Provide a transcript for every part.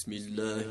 بسم الله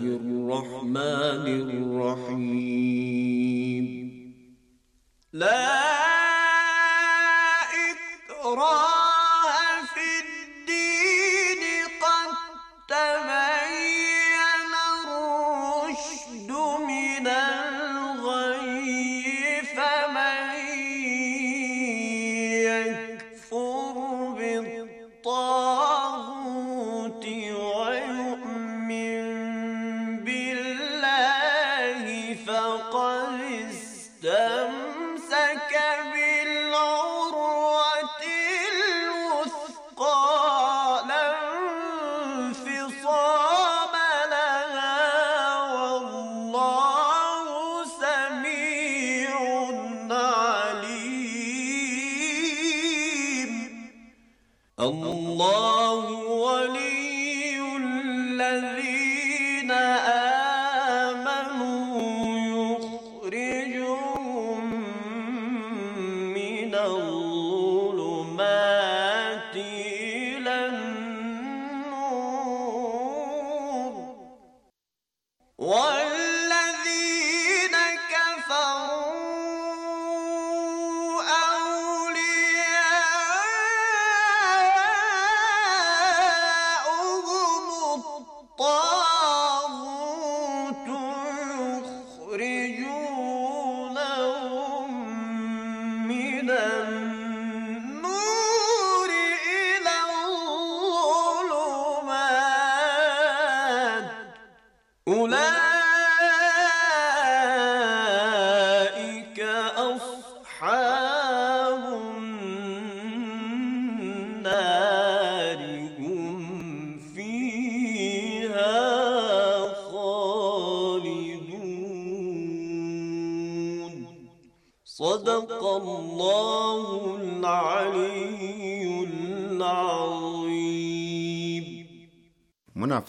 我。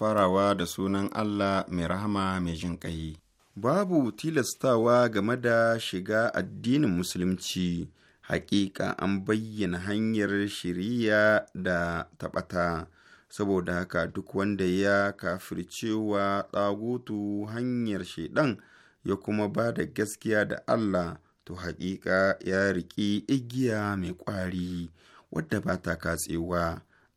farawa da sunan Allah mai rahama mai jin ƙai. Babu tilastawa game da shiga addinin Musulunci, hakika an bayyana hanyar shiriya da taɓata, saboda haka duk wanda ya cewa ɗagotu hanyar shaiɗan ya kuma ba da gaskiya da Allah, to hakika ya riƙi igiya mai ƙwari, wadda ba ta katsewa.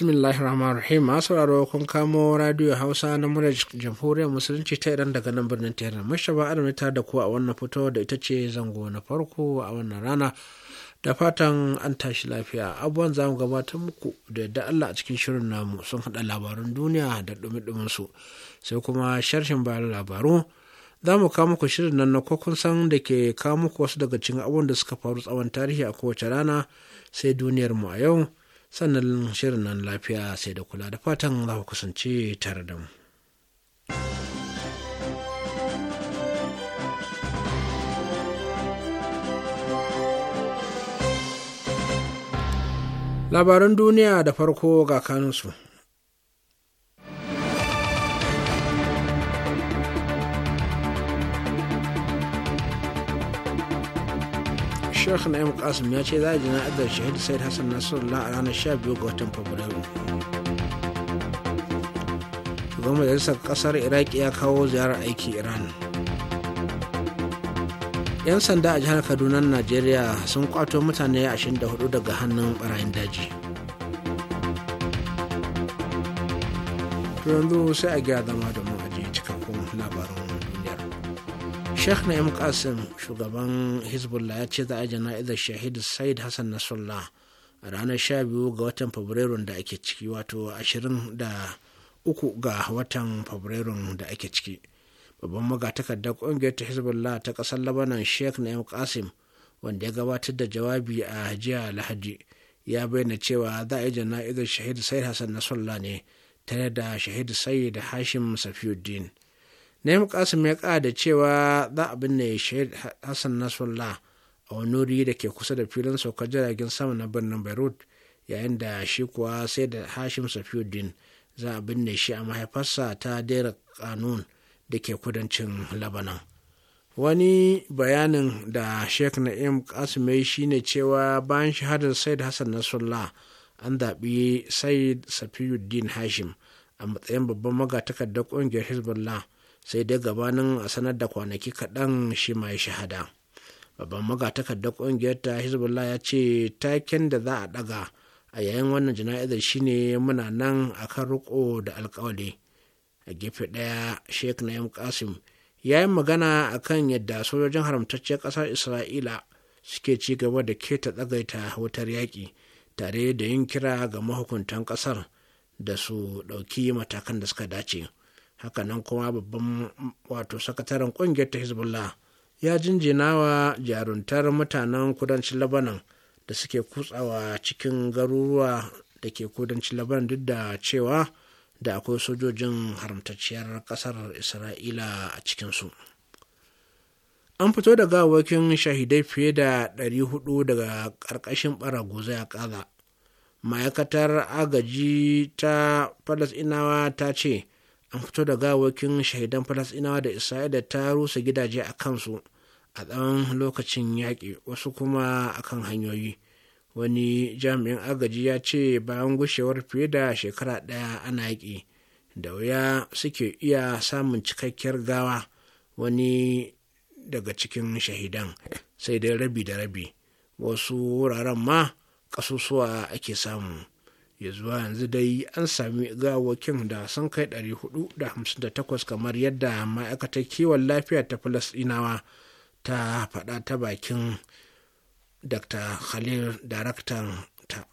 bismillahir rahmanir rahim masu sauraro kun kamo radio hausa na murar jamhuriyar musulunci ta idan daga nan birnin tehran ba adam ta da kuwa a wannan fito da ita ce zango na farko a wannan rana da fatan an tashi lafiya abubuwan za mu gabatar muku da yadda allah a cikin shirin namu sun hada labarun duniya da dumin su sai kuma sharshin bayan labaru za mu kawo muku shirin nan na kun san da ke kawo muku wasu daga cikin abubuwan da suka faru tsawon tarihi a kowace rana sai duniyar mu a yau sannan shirin nan lafiya sai da kula da fatan za ku kasance tare da mu. Labaran duniya da farko ga kanunsu. Sheikh Na'im Qasim ya ce za a jana'izar shahid Said Hassan Nasrullah a ranar 12 ga watan Fabrairu. Shugaban majalisar kasar Iraki ya kawo ziyarar aiki Iran. 'Yan sanda a jihar Kaduna Najeriya sun kwato mutane 24 daga hannun barayin daji. yanzu sai a gyara zama da sheikh na'im qasim shugaban hezbollah ya ce za a jana'izar shahid said hassan nasrallah a ranar biyu ga watan Fabrairu da ake ciki wato ashirin da uku ga watan fabrairun da ake ciki babban magatakardar ƙungiyar ta hezbollah ta ƙasar labanan sheikh na'im qasim wanda ya gabatar da jawabi a jiya lahadi ya bayyana cewa za a yi jana'izar shahid said hassan nasrallah ne tare da shahid said hashim safiuddin Na'im Qasim ya ƙara da cewa za a binne shaid Hassan Nasrallah a wani wuri da ke kusa da filin saukar jiragen sama na birnin Beirut yayin da shi kuwa sai da Hashim Safiuddin za a binne shi a mahaifarsa ta Dera Kanun da ke kudancin Labanan. Wani bayanin da Sheikh Na'im Qasim ya shine cewa bayan shahadar Said Hassan Nasrullah an zaɓi Said Safiuddin Hashim a matsayin babban magatakardar ƙungiyar Hezbollah sai dai gabanin a sanar da kwanaki kaɗan shi mai shahada babban magatakardar ƙungiyar ta hezbollah ya ce taken da za a ɗaga a yayin wannan jana'izar shine muna nan a kan riko da alkawali a gefe ɗaya sheikh na'im kasim ya yi magana a kan yadda sojojin haramtacce ƙasar isra'ila suke ci gaba da keta tsagaita wutar yaƙi tare da yin kira ga mahukuntan ƙasar da su ɗauki matakan da suka dace hakanan kuma babban wato sakataren kungiyar ta hezbollah ya jinjinawa jaruntar mutanen kudancin labanan da suke kutsawa cikin garuruwa da ke kudancin labanan duk da cewa da akwai sojojin haramtacciyar kasar isra'ila a cikinsu an fito da gawakin shahidai fiye da 400 daga ƙarƙashin ɓaragoza ya ƙaza ma'aikatar agaji ta falasinawa ta ce an fito da gawakin shahidan falasɗinawa da isra'ila ta rusa gidaje a kansu a tsawon lokacin yaƙi wasu kuma akan hanyoyi wani jami'in agaji ya ce bayan gushewar fiye da shekara ɗaya ana yaƙi da wuya suke iya samun cikakkiyar gawa wani daga cikin shahidan sai dai rabi da rabi wasu wuraren ma ƙasusuwa ake samu ya zuwa yanzu dai an sami gawakin da sun kai 458 kamar yadda ma'aikatar kiwon lafiya ta falasɗinawa ta faɗa ta bakin dr khalil daraktan ta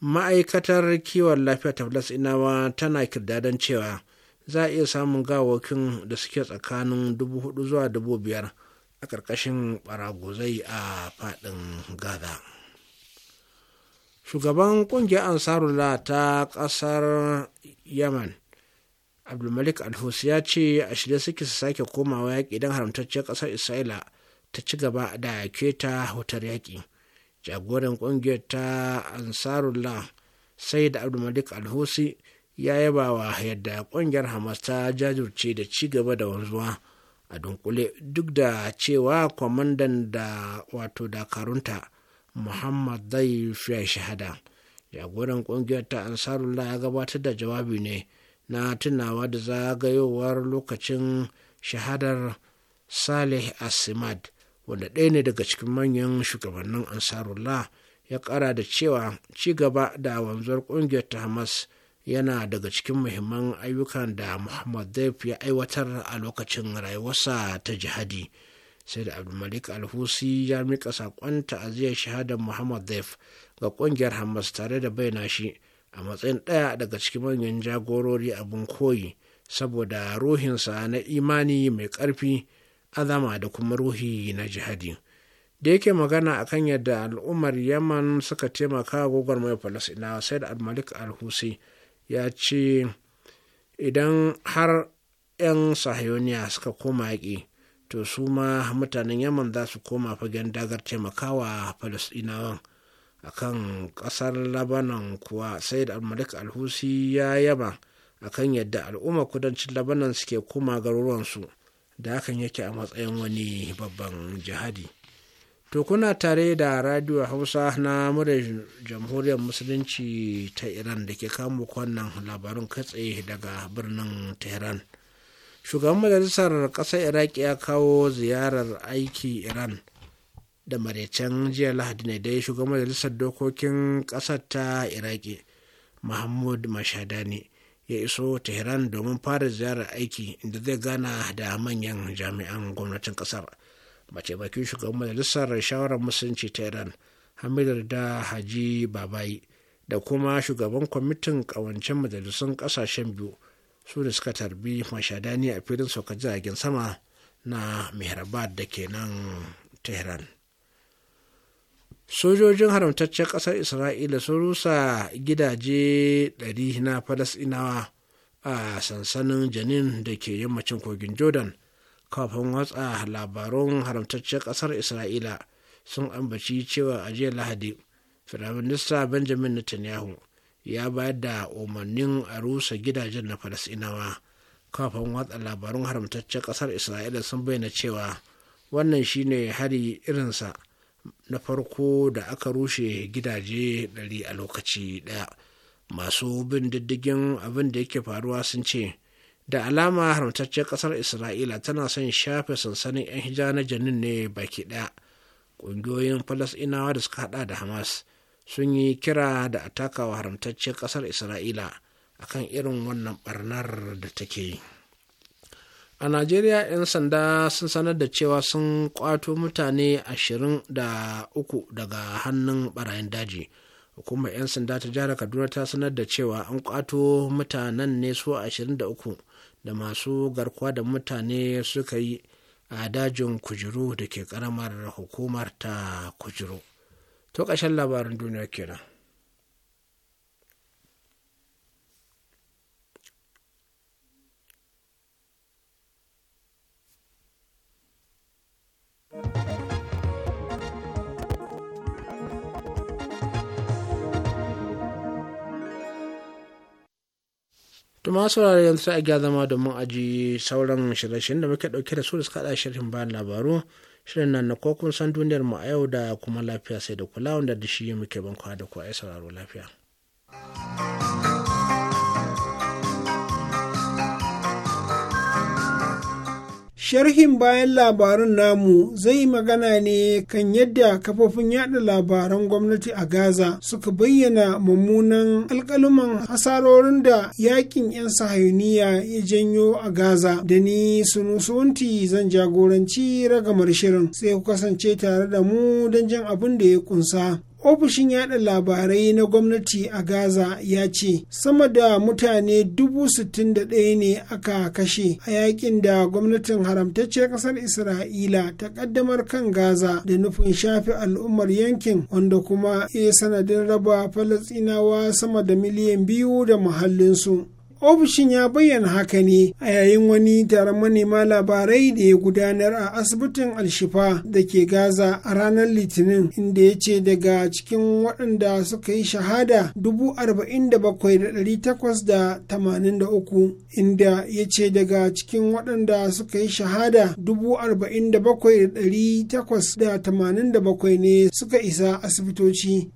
ma'aikatar kiwon lafiya ta falasɗinawa tana kirdadan cewa za a iya samun gawakin da suke tsakanin 4,000 zuwa 5,000 a ƙarƙashin baragozai a faɗin gaza. shugaban ƙungiyar ansarullah ta ƙasar yaman abdulmalik alhus ya ce a shirye suke su sake komawa yaƙi don haramtacciyar ƙasar isra'ila ta ci gaba da keta hutar yaƙi jagoran ƙungiyar ta ansarullah sai da abdulmalik alhusi ya yaba wa yadda ƙungiyar hamas ta jajirce da ci gaba da wanzuwa a dunkule duk da cewa kwamandan da wato dakarunta muhammad zai fiye shahada jagoran kungiyar ta ansarullah ya gabatar da jawabi ne na tunawa da zagayowar lokacin shahadar saleh asimad wanda ɗaya ne daga cikin manyan shugabannin ansarullah ya ƙara da cewa ci gaba da wanzuwar ƙungiyar ta hamas yana daga cikin muhimman ayyukan da muhammad zai ya aiwatar a lokacin rayuwarsa ta jihadi. sai da abdulmalik alhusi ya mika saƙon ta'aziyar shahadar muhammad zaif ga ƙungiyar hamas tare da baina shi a matsayin ɗaya daga cikin manyan jagorori abin koyi saboda ruhinsa na imani mai ƙarfi azama da kuma ruhi na jihadi da yake magana a kan yadda al'ummar yaman suka taimaka gogar mai falasina sai da almalik alhusi ya ce idan har 'yan sahayoniya suka koma yaƙi to su ma mutanen yaman za su koma fagen dagar taimakawa falasɗinawan a kan ƙasar labanan kuwa sai da almalik alhusi ya yaba a kan yadda al'umma kudancin labanan suke koma garuruwansu da hakan yake a matsayin wani babban jihadi to kuna tare da radio hausa na murar jamhuriyar musulunci ta iran da ke kamo kwanan labarin katse daga birnin tehran shugaban majalisar ƙasar iraki ya kawo ziyarar aiki iran da maraicen jiya lahadi ne dai shugaban majalisar dokokin ƙasar ta iraki mahmud mashadani ya iso tehran domin fara ziyarar aiki inda zai gana da manyan jami'an gwamnatin ƙasar mace bakin shugaban majalisar shawarar musulunci ta iran hamidar da haji babayi da kuma shugaban kwamitin ƙawancen majalisun ƙasashen biyu su da suka tarbi mashadani a filin saukar jiragen sama na mihrabad da ke nan tehran sojojin haramtaccen ƙasar isra'ila sun rusa gidaje 100 na falasinawa a sansanin janin da ke yammacin kogin jordan kafin watsa labarun haramtaccen ƙasar isra'ila sun ambaci cewa a lahadi firaminista benjamin netanyahu ya bayar da umarnin a rusa gidajen na falasinawa kafin watsa labarun haramtaccen kasar isra'ila sun bayyana cewa wannan shine hari irinsa na farko da aka rushe gidaje ɗari a lokaci ɗaya masu bin diddigin abin da yake faruwa sun ce da alama haramtaccen kasar isra'ila tana son shafe sansanin 'yan hijira na janin ne baki ɗaya ƙungiyoyin falasinawa da suka hada da hamas sun yi kira da a takawa haramtacciyar ƙasar isra'ila akan irin wannan barnar da take yi a najeriya 'yan sanda sun sanar da cewa sun kwato mutane ashirin uku daga hannun barayin daji hukumar 'yan sanda ta jihar kaduna ta sanar da cewa an kwato mutanen ne su ashirin da uku da masu garkuwa da mutane suka yi a dajin kujiru da ke karamar hukumar ta kujiru to ƙarshen labarin duniya kenan Tuma saurari yanzu a gya zama domin aji sauran shirye-shiryen da muke ɗauke da su da suka haɗa shirin bayan labaru shirin nan na kokun san duniyar mu a yau da kuma lafiya sai da kula wanda da shi muke ban da ku a sauraro lafiya. sharhin bayan labarun namu zai yi magana ne kan yadda kafofin yada labaran gwamnati a gaza suka bayyana mummunan alkaluman hasarorin da yakin 'yan sahayuniya ya janyo a gaza da ni sunusunti zan jagoranci ragamar shirin sai ku kasance tare da mu don jan abin da ya kunsa ofishin yaɗa labarai na gwamnati a gaza ya ce sama da mutane dubu sittin da ɗaya ne aka kashe a yakin da gwamnatin haramtacciyar ƙasar isra'ila ta ƙaddamar kan gaza da nufin shafe al'ummar yankin wanda kuma ya sanadin raba falasinawa sama da miliyan biyu da muhallinsu ofishin ya bayyana haka ne a yayin wani taron manema labarai da ya gudanar a asibitin alshifa da ke gaza a ranar litinin inda ya ce daga cikin waɗanda suka yi shahada 47,883 inda ya ce daga cikin waɗanda suka yi shahada 47,887 ne suka isa asibitoci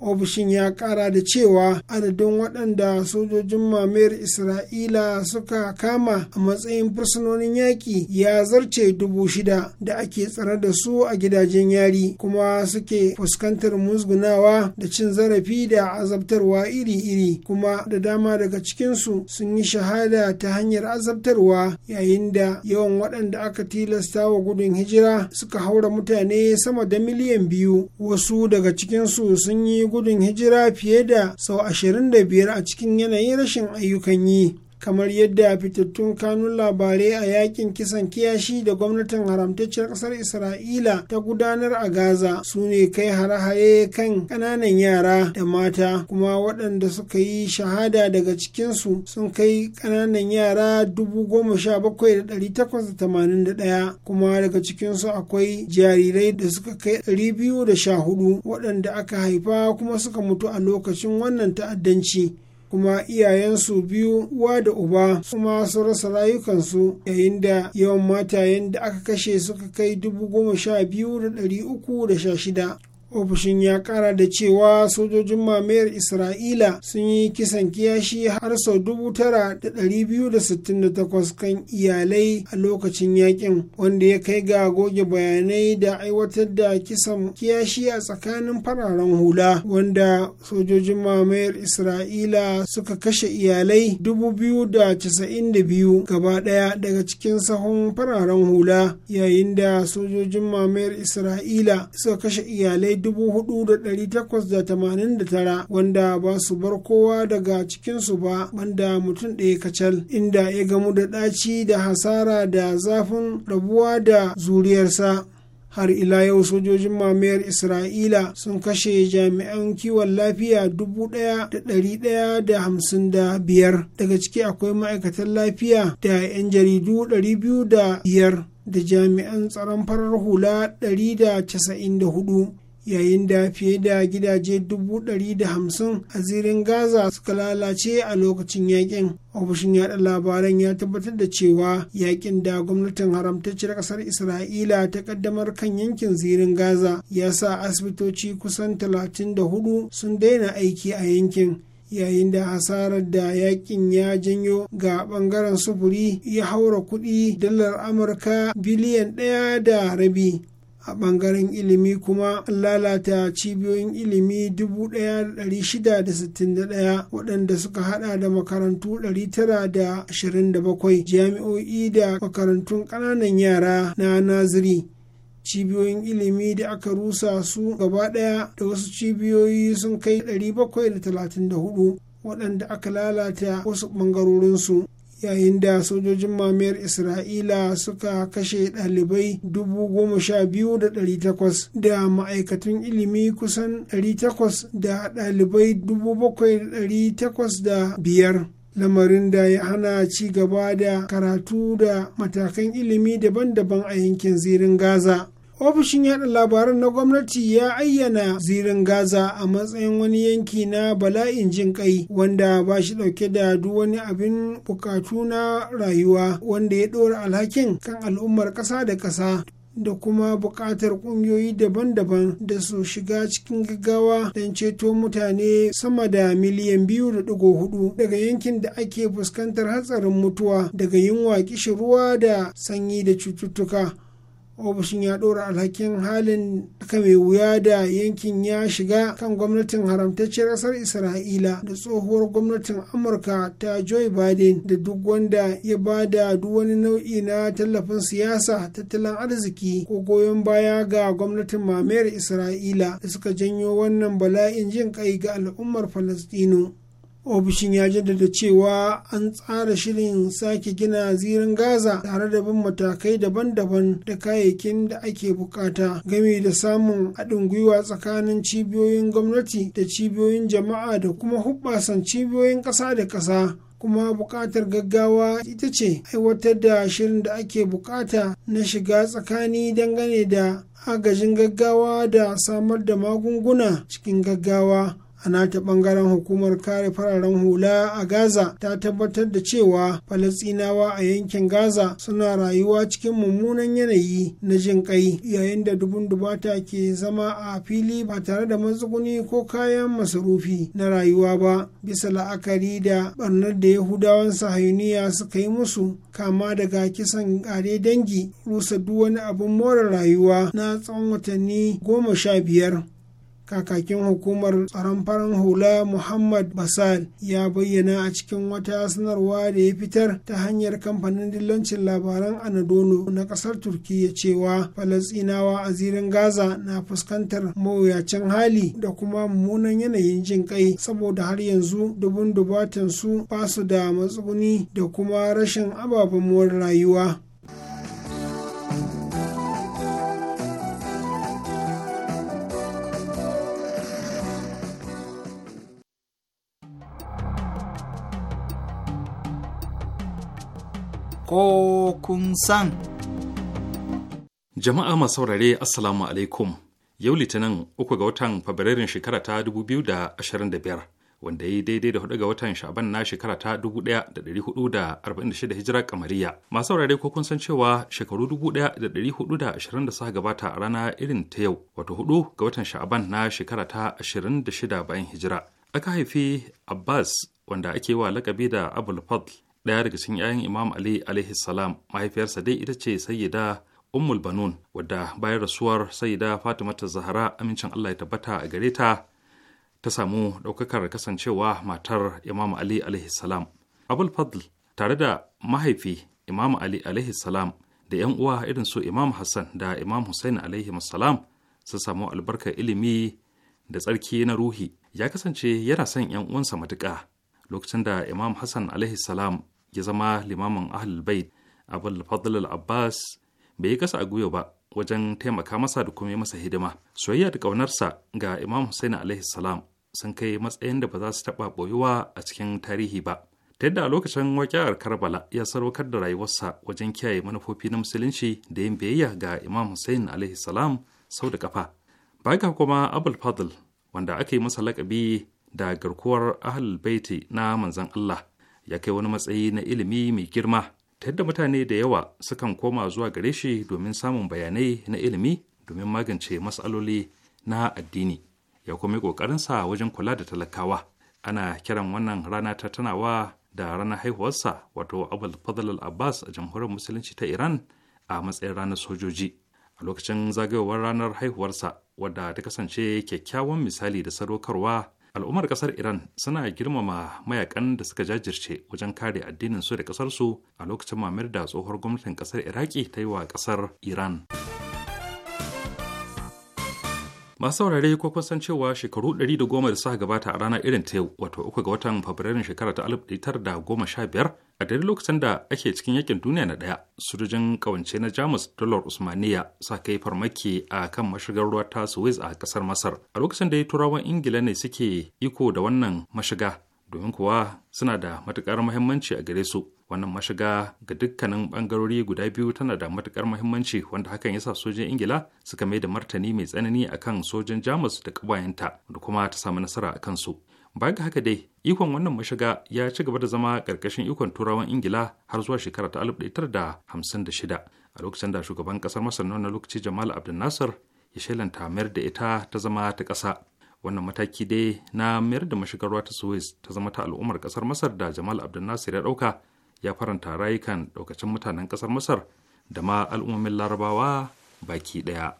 ofishin ya kara da cewa adadin waɗanda sojojin mamayar isra'ila suka kama a matsayin fursunonin yaƙi ya zarce dubu shida da ake tsare da su a gidajen yari kuma suke fuskantar musgunawa da cin zarafi da azabtarwa iri-iri kuma da dama daga cikinsu sun yi shahada ta hanyar azabtarwa yayin da yawan waɗanda aka tilasta wa gudun hijira suka haura mutane sama da miliyan biyu wasu daga cikinsu sun yi gudun hijira fiye da sau 25 a cikin yanayin rashin ayyukan yi kamar yadda fitattun kanun labarai a yakin kisan kiyashi da gwamnatin haramtacciyar kasar isra'ila ta gudanar a gaza su ne kai hare kan kananan yara da mata kuma waɗanda suka yi shahada daga cikinsu sun kai kananan yara dubu goma sha kuma daga cikinsu akwai jarirai da suka kai ɗari da sha waɗanda aka haifa kuma suka mutu a lokacin wannan ta'addanci kuma iyayensu biyu uwa da uba kuma su rasa rayukansu yayin da yawan matayen da aka kashe suka kai dubu goma sha biyu da ɗari uku da sha shida ofishin ya kara da cewa sojojin mamayar isra'ila sun yi kisan kiyashi har sau dubu tara da da da biyu sittin takwas kan iyalai a lokacin yakin wanda ya kai ga goge bayanai da aiwatar da kisan kiyashi a tsakanin fararen hula wanda sojojin mamayar isra'ila suka kashe iyalai dubu biyu da da casa'in biyu gaba daya daga cikin sahun fararen hula yayin da sojojin mamayar isra'ila suka kashe iyalai 4,889 wanda ba su bar kowa daga cikinsu ba banda mutum ɗaya kacal inda ya gamu da ɗaci da hasara da zafin rabuwa da zuriyarsa har ila yau sojojin mamayar isra'ila sun kashe jami'an kiwon lafiya dubu ɗaya da ɗari ɗaya da hamsin da biyar daga ciki akwai ma'aikatan lafiya da 'yan jaridu ɗari da biyar da jami'an tsaron farar hula ɗari da casa'in da yayin da fiye da gidaje dubu da hamsin a zirin gaza suka lalace a lokacin yakin ofishin yada labaran ya tabbatar da cewa yakin da gwamnatin haramtacciyar ƙasar isra'ila ta ƙaddamar kan yankin zirin gaza ya sa asibitoci kusan talatin da hudu sun daina aiki a yankin yayin da hasarar da yakin ya janyo ga bangaren sufuri ya haura kuɗi dalar amurka biliyan ɗaya da rabi a ɓangaren ilimi kuma an lalata cibiyoyin ilimi 1661 waɗanda suka hada da makarantu 927 jami'o'i da makarantun ƙananan yara na naziri cibiyoyin ilimi da aka rusa su gaba ɗaya da wasu cibiyoyi sun kai 734 waɗanda aka lalata wasu ɓangarorinsu yayin da sojojin mamayar isra'ila suka kashe ɗalibai 12,800 da ma'aikatan ilimi kusan 800 da ɗalibai biyar lamarin da ya hana ci gaba da karatu da matakan ilimi daban-daban a yankin zirin gaza ofishin yada labaran na gwamnati ya ayyana zirin gaza a matsayin wani yanki na bala'in jin kai wanda ba shi dauke da duk wani abin bukatu na rayuwa wanda ya ɗora alhakin kan al'ummar ƙasa da ƙasa da kuma buƙatar ƙungiyoyi daban-daban da su shiga cikin gaggawa don ceto mutane sama da miliyan biyu da ɗigo hudu daga yankin da ake fuskantar hatsarin mutuwa daga yunwa kishin ruwa da sanyi da cututtuka. ofishin ya ɗora alhakin halin ka mai wuya da yankin ya shiga kan gwamnatin haramtacciyar ƙasar isra'ila da tsohuwar gwamnatin amurka ta joe biden da duk wanda ya ba da duk wani nau'i na tallafin siyasa tattalin arziki ko goyon baya ga gwamnatin mamayar isra'ila da suka janyo wannan bala'in jin kai ga al'ummar falastinu ofishin ya jaddada cewa an tsara shirin sake gina zirin gaza tare da bin matakai daban-daban da kayayyakin da ake bukata game da samun haɗin gwiwa tsakanin cibiyoyin gwamnati da cibiyoyin jama'a da kuma hubbasan cibiyoyin ƙasa da ƙasa kuma buƙatar gaggawa ita ce aiwatar da shirin da ake bukata na shiga tsakani dangane da agajin gaggawa da samar da magunguna cikin gaggawa a nata bangaren hukumar kare fararen hula a gaza ta tabbatar da cewa falasinawa a yankin gaza suna rayuwa cikin mummunan yanayi na jin kai yayin da dubun dubata ke zama a fili ba tare da matsuguni ko kayan masarufi na rayuwa ba bisa la'akari da barnar da yahudawan sahayuniya suka yi musu kama daga kisan kare dangi rusa duk wani abin more rayuwa na tsawon watanni goma sha biyar kakakin hukumar tsaron farin hula muhammad basal ya bayyana a cikin wata sanarwa da ya fitar ta hanyar kamfanin dillancin labaran anadolu na kasar Turkiyya cewa falasinawa a zirin gaza na fuskantar mawuyacin hali da kuma mummunan yanayin jin kai saboda har yanzu dubun dubatan su ba su da matsuguni da kuma rashin ababen rayuwa ko kun san. Jama'a masu saurare Assalamu alaikum. Yau Litinin uku ga watan Fabrairun shekara ta 2025 wanda ya yi daidai da hudu ga watan Shaban na shekara ta 1446 hijira kamariya. Masu saurare ko kun san cewa shekaru 1420 da suka gabata a rana irin ta yau wato hudu ga watan Shaban na shekara ta 26 bayan hijira. Aka haifi Abbas wanda ake wa lakabi da Abul Fadl ɗaya daga cikin 'ya'yan imam ali alaihi salam mahaifiyarsa dai ita ce sayyida ummul banun wadda bayan rasuwar sayyida Fatima ta zahra amincin allah ya tabbata a gare ta ta samu ɗaukakar kasancewa matar imam ali alaihi salam abul fadl tare da mahaifi imam ali alaihi salam da 'yan uwa irin su imam hassan da imam hussein alaihi salam sun samu albarkar ilimi da tsarki na ruhi ya kasance yana son 'yan uwansa matuƙa lokacin da imam hassan alaihi salam ya zama limamin ahlul bait abul fadl abbas bai yi kasa a gwiwa ba wajen taimaka masa da kuma masa hidima soyayya da ƙaunarsa ga imam hussein alaihi salam sun kai matsayin da ba za su taɓa ɓoyuwa a cikin tarihi ba ta yadda a lokacin waƙiyar karbala ya sarwakar da rayuwarsa wajen kiyaye manufofi na musulunci da yin biyayya ga imam hussein alaihi salam sau da kafa baga kuma abul fadl wanda aka yi masa lakabi da garkuwar ahal baiti na manzan Allah ya kai wani matsayi na ilimi mai girma ta yadda mutane da yawa sukan koma zuwa gare shi domin samun bayanai na ilimi domin magance matsaloli na addini ya kuma yi ƙoƙarinsa wajen kula da talakawa ana kiran wannan rana ta tanawa da ranar haihuwarsa wato abul fadl abbas a jamhuriyar musulunci ta iran a matsayin ranar sojoji a lokacin zagayowar ranar haihuwarsa wadda ta kasance kyakkyawan misali da sadaukarwa al'ummar kasar iran suna girmama mayakan da suka jajirce wajen kare addinin su da kasarsu a lokacin mamayar da tsohuwar gwamnatin kasar iraki ta yi wa kasar iran masu saurare ko san cewa shekaru 110 da suka gabata a ranar irin ta yau wato uku ga watan fabrairun shekara ta 1915 a dare lokacin da ake cikin yakin duniya na daya sojojin kawance na jamus dalar usmaniya sa kai farmaki a kan mashigar ruwa ta suez a kasar masar a lokacin da turawan ingila ne suke iko da wannan mashiga domin kuwa suna da matukar muhimmanci a gare su wannan mashiga ga dukkanin bangarori guda biyu tana da matukar muhimmanci wanda hakan yasa sojin ingila suka mai da martani mai tsanani akan sojin jamus da kabayanta da kuma ta samu nasara akan su baya ga haka dai ikon wannan mashiga ya ci gaba da zama karkashin ikon turawan ingila har zuwa shekara ta da da hamsin shida a lokacin da shugaban kasar masar na lokaci jamal abdul nasir ya shelanta mayar da ita ta zama ta kasa wannan mataki dai na mayar da mashigar ruwa ta suez ta zama ta al'ummar kasar masar da jamal abdul nasir ya dauka. ya faranta rayukan ɗaukacin mutanen ƙasar masar da ma al'ummomin larabawa baki ɗaya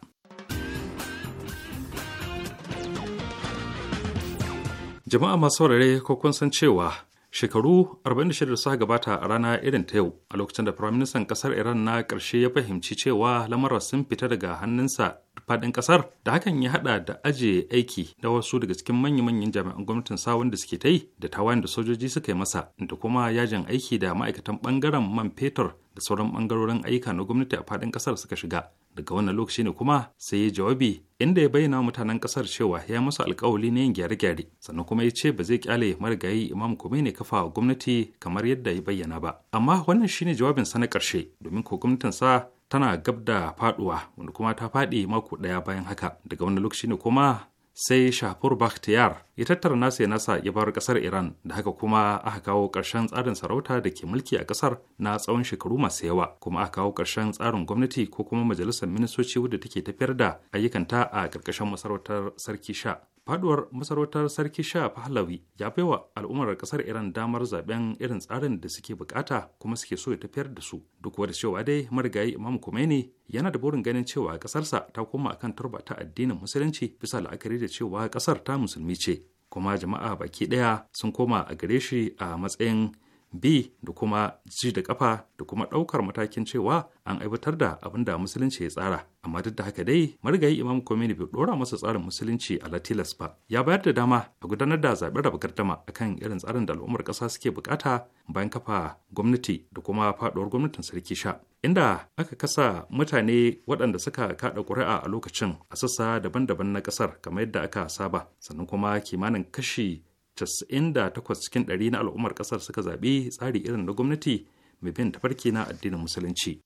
jama'a masu saurare ko kun san cewa shekaru 46 da suka gabata a rana irin ta yau a lokacin da firaministan kasar iran na ƙarshe ya fahimci cewa lamarar sun fita daga hannunsa faɗin ƙasar da hakan ya haɗa da aje aiki da wasu daga cikin manya-manyan jami'an gwamnatin sa da suke ta yi da tawayan da sojoji suka yi masa da kuma yajin aiki da ma'aikatan ɓangaren man fetur da sauran ɓangarorin ayyuka na gwamnati a faɗin ƙasar suka shiga daga wannan lokaci ne kuma sai ya jawabi inda ya bayyana mutanen kasar cewa ya musu alkawali na yin gyare-gyare sannan kuma ya ce ba zai kyale marigayi imam ne kafa wa gwamnati kamar yadda ya bayyana ba amma wannan shine jawabin sa na karshe domin ko gwamnatin sa tana gab da faduwa wanda kuma ta faɗi mako ɗaya bayan haka daga wannan lokaci ne kuma sai shafur bakhtiyar ya tattara nasa ya nasa ya bar kasar iran da haka kuma aka kawo ƙarshen tsarin sarauta da ke mulki a kasar na tsawon shekaru masu yawa kuma aka kawo ƙarshen tsarin gwamnati ko kuma majalisar ministoci wadda take tafiyar da ayyukanta a ƙarƙashin masarautar sarki sha faduwar masarautar sarki sha pahlavi ya baiwa al'ummar kasar iran damar zaben irin tsarin da suke bukata kuma suke so ya tafiyar da su duk da cewa dai marigayi imam khomeini yana da burin ganin cewa kasarsa ta koma akan turba ta addinin musulunci bisa la'akari da cewa kasar ta musulmi ce kuma jama'a baki daya sun koma a gare shi a matsayin B, da kuma ji da kafa da kuma ɗaukar matakin cewa an aiwatar da abin da musulunci ya tsara amma duk da haka dai marigayi imam komini bai ɗora masa tsarin musulunci a latilas ba ya bayar da dama a gudanar da zaɓen raba gardama kan irin tsarin da al'ummar ƙasa suke bukata bayan kafa gwamnati da kuma faɗuwar gwamnatin sarki sha inda aka kasa mutane waɗanda suka kaɗa ƙuri'a a lokacin a sassa daban-daban na ƙasar kamar yadda aka saba sannan kuma kimanin kashi 98 cikin 100 na al'ummar kasar suka zaɓi tsari irin na gwamnati mai bin tafarki na addinin musulunci.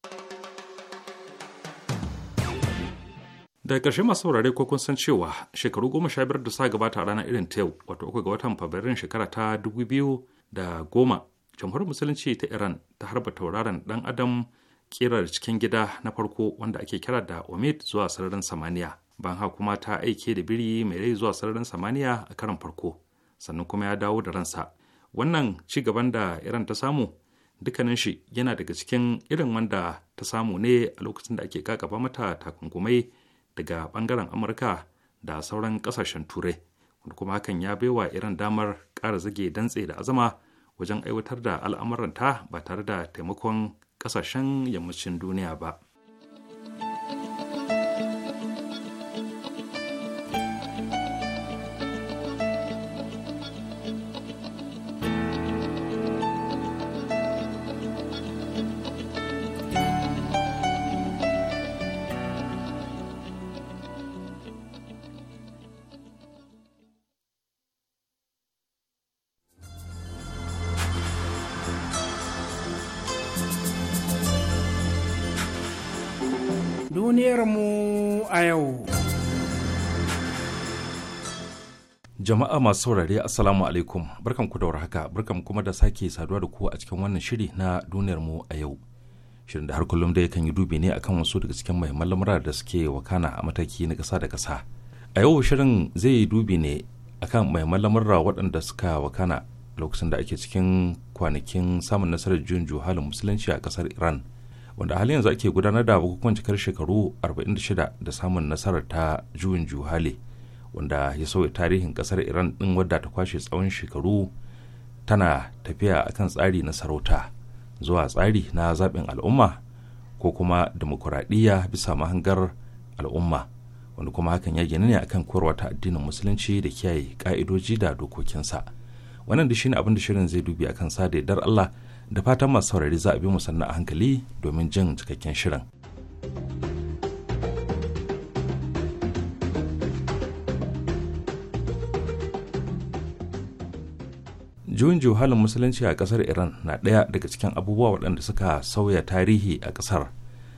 daga ƙarshe masu saurare ko kun san cewa shekaru goma sha biyar da sa gabata a ranar irin ta yau wato uku ga watan fabrairun shekara ta dubu biyu da goma jamhuriyar musulunci ta iran ta harba tauraron dan adam da cikin gida na farko wanda ake kira da omid zuwa sararin samaniya ban ha kuma ta aike da biri mai rai zuwa sararin samaniya a karan farko sannan kuma ya dawo da ransa wannan ci gaban da iran ta samu dukkanin shi yana daga cikin irin wanda ta samu ne a lokacin da ake kakaba mata takungumai daga bangaren amurka da sauran kasashen turai wanda kuma hakan ya baiwa iran damar ƙara zage dantse da azama wajen aiwatar da al'amuranta ba tare da taimakon ƙasashen yammacin duniya ba yau. Jama'a masu saurare Assalamu alaikum barkan ku da warhaka barkan kuma da sake saduwa da ku a cikin wannan shiri na duniyarmu a yau. Shirin da har kullum da yakan yi dubi ne akan wasu daga cikin muhimman lamura da suke wakana a mataki na ƙasa da ƙasa. A yau shirin zai yi dubi ne akan muhimman lamura waɗanda suka wakana lokacin da ake cikin kwanakin samun nasarar juyin juhalin musulunci a ƙasar Iran. wanda halin yanzu ake gudanar da bukukuwan cikar shekaru 46 da samun nasarar ta juyin juhale wanda ya sauya tarihin kasar iran din wadda ta kwashe tsawon shekaru tana tafiya akan tsari na sarauta zuwa tsari na zaɓin al'umma ko kuma demokuraɗiyya bisa mahangar al'umma wanda kuma hakan ya gina ne akan koyarwa ta addinin musulunci da kiyaye ka'idoji da dokokinsa wannan da shine abin da shirin zai dubi akan sa da yardar Allah da fatan masu saurari za a bi musanna a hankali domin jin cikakken shirin. juyin juhalin musulunci a kasar iran na ɗaya daga cikin abubuwa waɗanda suka sauya tarihi a ƙasar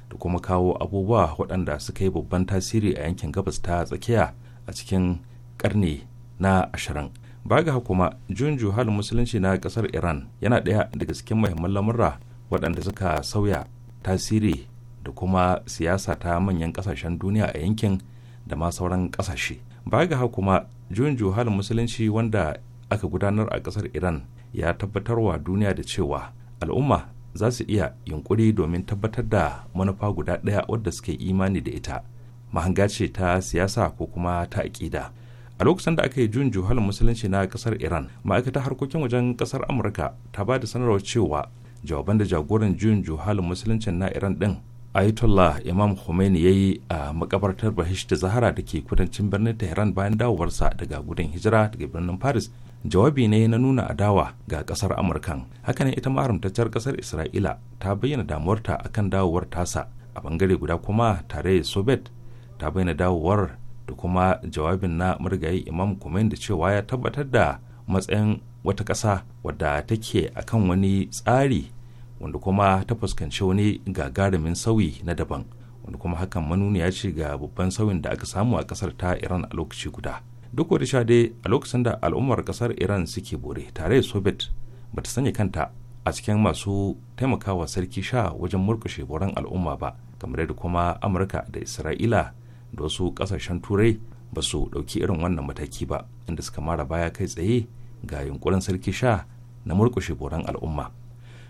da kuma kawo abubuwa waɗanda suka yi babban tasiri a yankin gabas ta tsakiya a cikin ƙarni na ashirin baga kuma junju halin musulunci na kasar iran yana daya daga cikin muhimman lamurra waɗanda suka sauya tasiri da kuma siyasa ta manyan ƙasashen duniya a yankin da ma sauran ƙasashe baga kuma junju halin musulunci wanda aka gudanar a ƙasar iran ya tabbatar wa duniya da cewa al'umma za su iya yunkuri domin tabbatar da manufa guda ɗaya wadda suke imani da ita mahanga ta siyasa ko kuma ta aƙida a lokacin da aka yi juyin juhalin musulunci na kasar iran ma'aikatar harkokin wajen kasar amurka ta ba da sanarwar cewa jawaban da jagoran juyin juhalin musulunci na iran din ayatollah imam khomeini ya yi a makabartar bahish da zahara da ke kudancin birnin tehran bayan dawowarsa daga gudun hijira daga birnin paris jawabi ne na nuna adawa ga kasar amurkan hakanan ita ma kasar isra'ila ta bayyana damuwarta akan dawowar tasa a bangare guda kuma tare soviet ta bayyana dawowar da kuma jawabin na murgayi imam Khomeini da cewa ya tabbatar da matsayin wata ƙasa wadda take akan wani tsari wanda kuma ta fuskanci wani gagarumin sauyi na daban wanda kuma hakan manuniya ce ga babban sauyin da aka samu a ƙasar ta iran a lokaci guda duk wani sha dai a lokacin da al'ummar ƙasar iran suke bore tare da soviet ba ta sanya kanta a cikin masu taimakawa sarki sha wajen murkushe boran al'umma ba kamar da kuma amurka da isra'ila da wasu kasashen turai ba su dauki irin wannan mataki ba inda suka mara baya kai tsaye ga yunkurin sarki sha na murkushe boran al'umma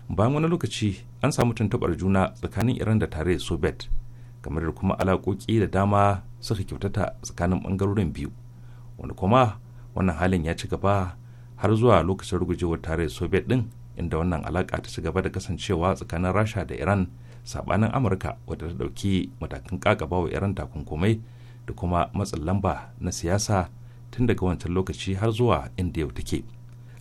bayan wani lokaci an samu tuntubar juna tsakanin iran da tare soviet kamar da kuma alaƙoƙi da dama suka kyautata tsakanin ɓangarorin biyu wani kuma wannan halin ya ci gaba har zuwa lokacin rugujewar tare soviet din inda wannan alaka ta ci gaba da kasancewa tsakanin rasha da iran sabanin amurka wadda ta dauki matakan kakaba wa iran takunkumai da kuma matsin lamba na siyasa tun daga wancan lokaci har zuwa inda yau take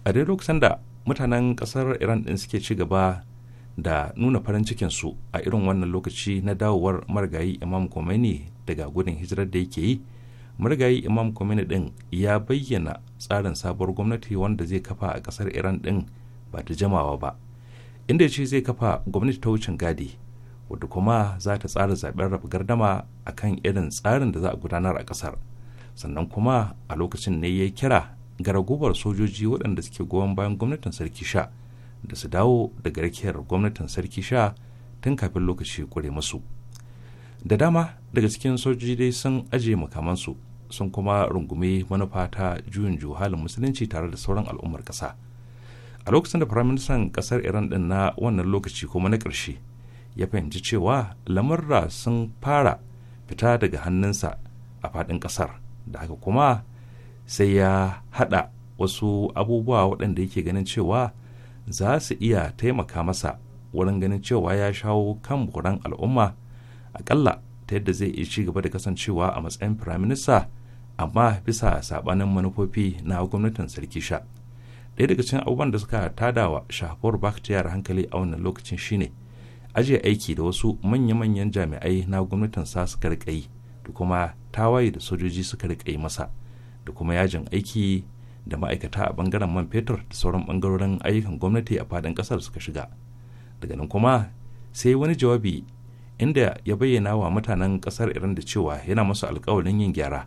a dai lokacin da mutanen kasar iran din suke ci gaba da nuna farin cikin su a irin wannan lokaci na dawowar marigayi imam khomeini daga gudun hijirar da yake yi marigayi imam khomeini din ya bayyana tsarin sabuwar gwamnati wanda zai kafa a kasar iran din ba ta jamawa ba inda ya ce zai kafa gwamnati ta wucin gadi wadda kuma za ta tsara zaben raba gardama a kan irin tsarin da za a gudanar a ƙasar sannan kuma a lokacin ne ya kira ga sojoji waɗanda suke goyon bayan gwamnatin sarki sha da su dawo daga rakiyar gwamnatin sarki sha tun kafin lokaci kure musu da dama daga cikin sojoji dai sun aje makamansu sun kuma rungumi manufa ta juyin juhalin musulunci tare da sauran al'ummar ƙasa a lokacin da firaministan ƙasar iran ɗin na wannan lokaci kuma na ƙarshe ya fahimci cewa lamurra sun fara fita daga hannunsa a faɗin ƙasar da haka kuma sai ya haɗa wasu abubuwa waɗanda yake ganin cewa za su iya taimaka masa wurin ganin cewa ya shawo kan buran al'umma aƙalla ta yadda zai iya ci gaba da kasancewa a matsayin firaminista amma bisa saɓanin manufofi na gwamnatin sarki sha ɗaya daga cikin abubuwan da suka tada wa shahapur bakhtiyar hankali a wannan lokacin shine ajiye aiki da wasu manya-manyan jami'ai na gwamnatin sa suka rika yi da kuma tawaye da sojoji suka rika yi masa da kuma yajin aiki da ma'aikata a bangaren man fetur da sauran bangarorin ayyukan gwamnati a fadin kasar suka shiga daga nan kuma sai wani jawabi inda ya bayyana wa mutanen kasar iran da cewa yana masu alkawarin yin gyara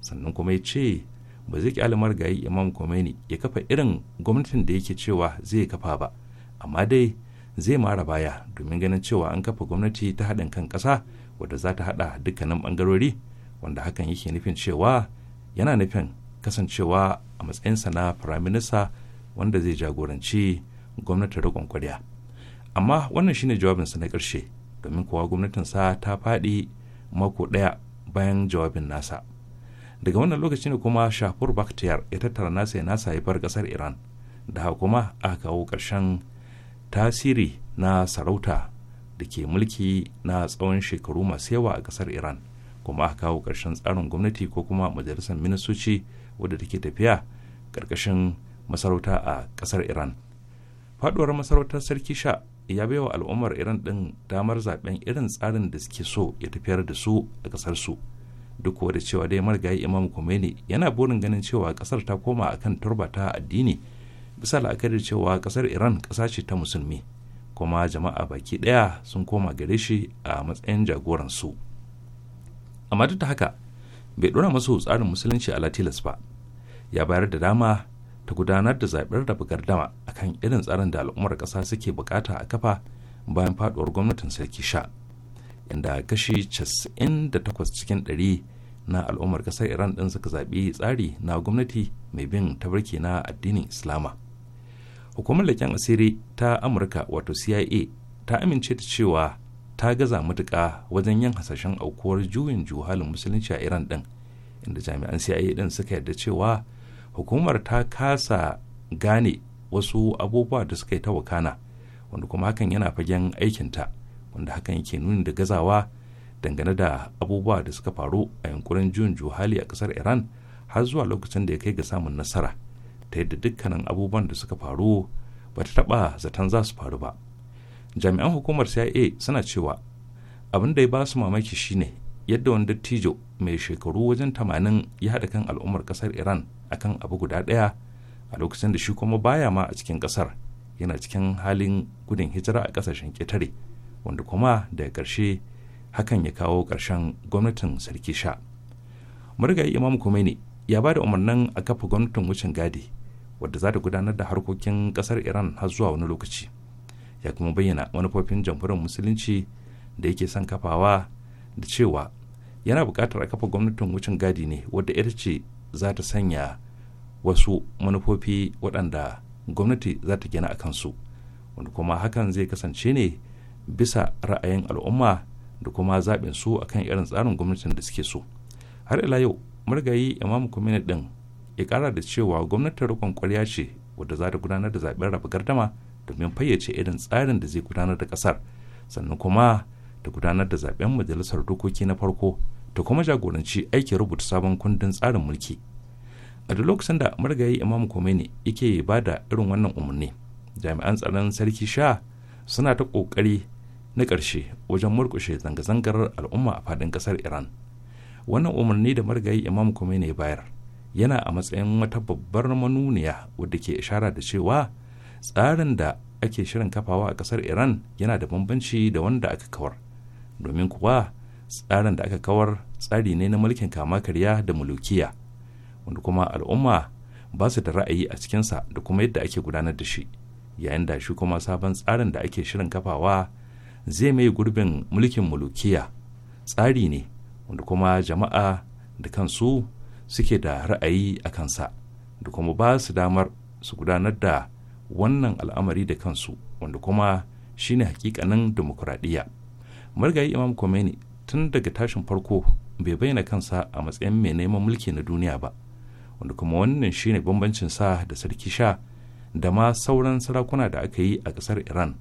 sannan kuma ya ce ba zai kyale marigayi imam komeni ya kafa irin gwamnatin da yake cewa zai kafa ba amma dai zai mara baya domin ganin cewa an kafa gwamnati ta haɗin kan ƙasa wadda za ta haɗa dukkanin ɓangarori wanda hakan yake nufin cewa yana nufin kasancewa a matsayinsa na firaminista wanda zai jagoranci gwamnatin riƙon kwarya amma wannan shine jawabinsa na ƙarshe domin kuwa gwamnatinsa ta faɗi mako ɗaya bayan jawabin nasa daga wannan lokaci ne kuma shafur bakhtiyar ya tattara nasa ya nasa ya bar ƙasar iran da kuma aka kawo ƙarshen tasiri na sarauta da ke mulki na tsawon shekaru masu yawa a kasar iran kuma aka kawo ƙarshen tsarin gwamnati ko kuma majalisar ministoci wadda take tafiya ƙarƙashin masarauta a kasar iran faduwar masarautar sarki sha ya baiwa al'ummar iran ɗin damar zaben irin tsarin da suke so ya tafiyar da su a ƙasar su duk da cewa dai marigayi imam Khomeini yana burin ganin cewa ƙasar ta koma akan turba ta addini bisa la'akari cewa kasar iran kasa ce ta musulmi kuma jama'a baki daya sun koma gare shi a matsayin jagoransu amma duk da haka bai dora masu tsarin musulunci a latilas ba ya bayar da dama ta gudanar da zaɓen raba dama akan irin tsarin da al'ummar ƙasa suke bukata a kafa bayan faduwar gwamnatin sarki sha inda kashi 98 cikin 100 na al'ummar ƙasar iran ɗin suka zaɓi tsari na gwamnati mai bin tabarki na addinin islama hukumar leƙen asiri ta amurka wato cia ta amince da cewa ta gaza matuka wajen yin hasashen aukuwar juyin juhalin musulunci a iran din inda jami'an cia din suka yarda cewa hukumar ta kasa gane wasu abubuwa da suka yi ta wakana wanda kuma hakan yana fagen aikinta wanda hakan yake nuni da gazawa dangane da abubuwa da suka faru a yankurin juyin juhali a ƙasar iran har zuwa lokacin da ya kai ga samun nasara ta yadda dukkanin abubuwan da suka faru ba ta taɓa zaton za su faru ba jami'an hukumar cia suna cewa abin da ya ba su mamaki shine yadda wani dattijo mai shekaru wajen tamanin ya haɗa kan al'ummar ƙasar iran akan abu guda ɗaya a lokacin da shi kuma baya ma a cikin ƙasar yana cikin halin gudun hijira a ƙasashen ƙetare wanda kuma daga ƙarshe hakan ya kawo ƙarshen gwamnatin sarki sha murgayi imam khomeini ya ba da umarnin a kafa gwamnatin wucin gadi wadda za ta gudanar da harkokin kasar iran har zuwa wani lokaci ya kuma bayyana manufofin jamhuriyar musulunci da yake son kafawa da cewa yana buƙatar a kafa gwamnatin wucin gadi ne wadda ita ce za ta sanya wasu manufofi waɗanda gwamnati za ta gina a kansu wanda kuma hakan zai kasance ne bisa ra'ayin al'umma da kuma zaɓin su akan irin tsarin gwamnatin da suke so har ila yau marigayi imam kwamitin ɗin ya kara da cewa gwamnatin rikon kwarya ce wadda za ta gudanar da zaben raba gardama domin fayyace irin tsarin da zai gudanar da kasar sannan kuma ta gudanar da zaɓen majalisar dokoki na farko ta kuma jagoranci aikin rubuta sabon kundin tsarin mulki a duk lokacin da marigayi imam khomeini yake ba da irin wannan umarni jami'an tsaron sarki sha suna ta kokari na ƙarshe wajen murkushe zanga-zangar al'umma a fadin ƙasar iran wannan umarni da marigayi imam ne ya bayar yana a matsayin wata babbar manuniya wadda ke ishara da cewa tsarin da ake shirin kafawa a kasar iran yana da bambanci da wanda aka kawar domin kuwa tsarin da aka kawar tsari ne na mulkin kama karya da mulukiya wanda kuma al'umma ba su da ra'ayi a cikinsa da kuma yadda ake gudanar da shi yayin da shi kuma sabon tsarin da ake shirin kafawa zai mai gurbin mulkin mulukiya tsari ne wanda kuma jama'a da kansu suke da ra'ayi a kansa da kuma ba su damar su gudanar da wannan al'amari da kansu wanda kuma shine hakikanin demokuraɗiyya marigayi imam Khomeini tun daga tashin farko bai bayyana kansa a matsayin mai neman mulki na duniya ba wanda kuma wannan shine bambancin sa da sarki sha da ma sauran sarakuna da aka yi a ƙasar iran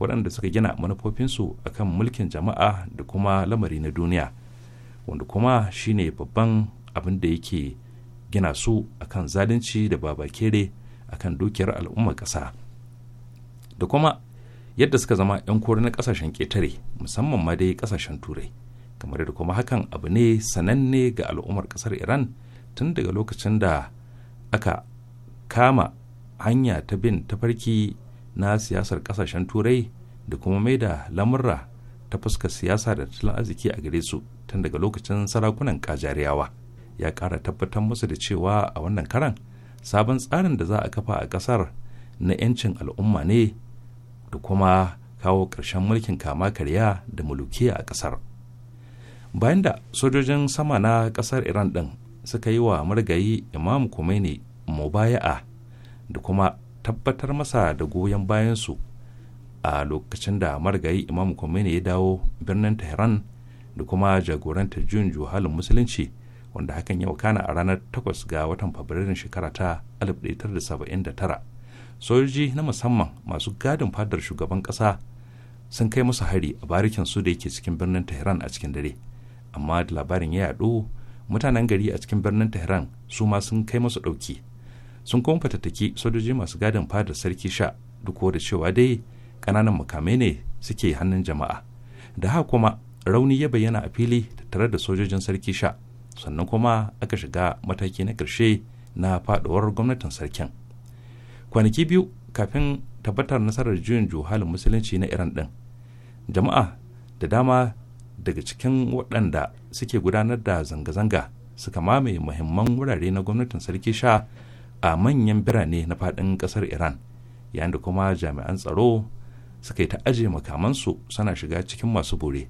waɗanda suka gina manufofinsu akan mulkin jama'a da kuma lamari na duniya wanda kuma shine babban abin da yake gina su akan zalunci da baba babakere akan dukiyar al'ummar ƙasa da kuma yadda suka zama 'yan kori na ƙasashen ƙetare musamman ma dai ƙasashen turai kamar da kuma hakan abu ne sananne ga al'ummar ƙasar iran tun daga lokacin da aka kama hanya ta bin tafarki na siyasar ƙasashen turai da kuma mai da lamurra ta fuskar siyasa da tattalin arziki a gare su tun daga lokacin sarakunan kajariyawa ya ƙara tabbatar musu da cewa a wannan karan sabon tsarin da za a kafa a ƙasar na 'yancin al'umma ne da kuma kawo ƙarshen mulkin kama karya da mulukiya a ƙasar bayan da sojojin sama na ƙasar iran ɗin suka yi wa marigayi imam kumaini mubaya'a da kuma tabbatar masa da goyon bayansu a lokacin da marigayi imam kumaini ya dawo birnin tehran da kuma jagorantar juyin juhalin musulunci wanda hakan ya wakana a ranar 8 ga watan fabrairun shekara ta 1979 sojoji na musamman masu gadin fadar shugaban kasa sun kai musu hari a barikin su da yake cikin birnin tehran a cikin dare amma da labarin ya yaɗu mutanen gari a cikin birnin tehran su ma sun kai musu ɗauki sun kuma fatattaki sojoji masu gadin fadar sarki sha duk da cewa dai ƙananan mukamai ne suke hannun jama'a da haka kuma rauni ya bayyana a fili tattare da sojojin sarki sha sannan kuma aka shiga mataki na ƙarshe na faɗuwar gwamnatin sarkin kwanaki biyu kafin tabbatar nasarar juyin juhalin musulunci na iran ɗin jama'a da dama daga cikin waɗanda suke gudanar da zanga-zanga suka mamaye muhimman wurare na gwamnatin sarki sha a manyan birane na faɗin ƙasar iran yayin da kuma jami'an tsaro suka yi ta aje makamansu suna shiga cikin masu bore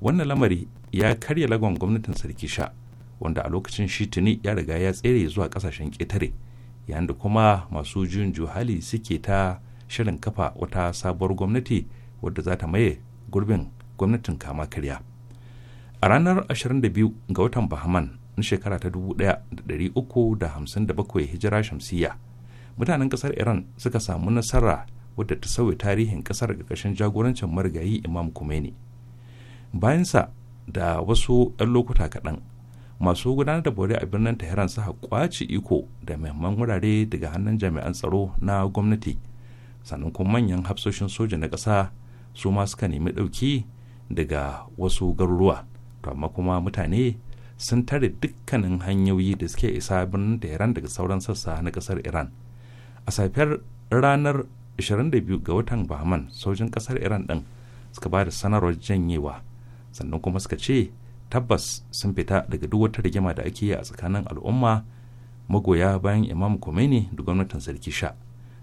wannan lamari ya karya lagon gwamnatin sarki sha wanda a lokacin shi tuni ya riga ya tsere zuwa kasashen ƙetare yayin da kuma masu jin hali suke ta shirin kafa wata sabuwar gwamnati wadda za ta maye gurbin gwamnatin kama karya a ranar 22 ga watan bahaman na shekara ta 1357 hijira shamsiyya mutanen kasar iran suka samu nasara wadda ta sauya tarihin kasar ƙarƙashin jagorancin marigayi imam kumeni bayansa da wasu 'yan lokuta kaɗan masu gudanar da bore a birnin tehran suka kwace iko da mahimman wurare daga hannun jami'an tsaro na gwamnati sannan kuma manyan hafsoshin soja na ƙasa su ma suka nemi ɗauki daga wasu garuruwa to amma kuma mutane sun tare dukkanin hanyoyi da suke isa birnin tehran daga sauran sassa na ƙasar iran a safiyar ranar 22 ga watan bahman sojin ƙasar iran ɗin suka ba da sanarwar janyewa sannan kuma suka ce tabbas sun fita daga duk wata rigima da ake yi a tsakanin al'umma magoya bayan imam Khomeini da gwamnatin sarki sha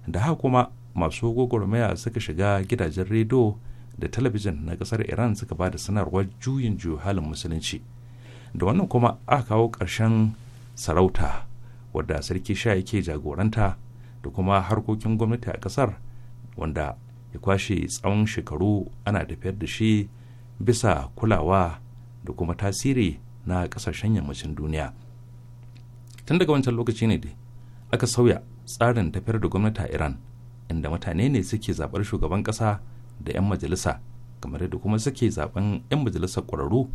da haka kuma masu gwagwarmaya suka shiga gidajen rediyo da talabijin na kasar iran suka ba da sanarwar juyin juyo halin musulunci da wannan kuma aka kawo ƙarshen sarauta wadda sarki sha yake jagoranta da kuma harkokin gwamnati a kasar wanda ya kwashe tsawon shekaru ana tafiyar da shi bisa kulawa da kuma tasiri na kasashen yammacin duniya tun daga wancan lokaci ne dai aka sauya tsarin tafiyar da gwamnati a iran inda mutane ne suke zaɓar shugaban ƙasa da 'yan majalisa kamar yadda kuma suke zaɓen 'yan majalisar ƙwararru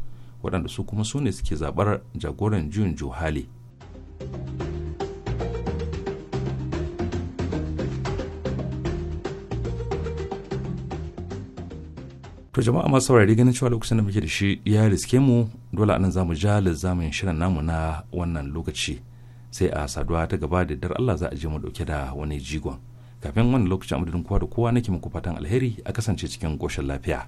waɗanda su kuma su ne suke zaɓar jagoran juyin juhali. to jama'a masu saurari ganin cewa lokacin da muke da shi ya riske mu dole anan zamu ja lizamin shirin namu na wannan lokaci sai a saduwa ta gaba da dar Allah za a je mu dauke da wani jigon kafin wannan lokacin amadadin kowa da kowa nake muku fatan alheri a kasance cikin koshin lafiya.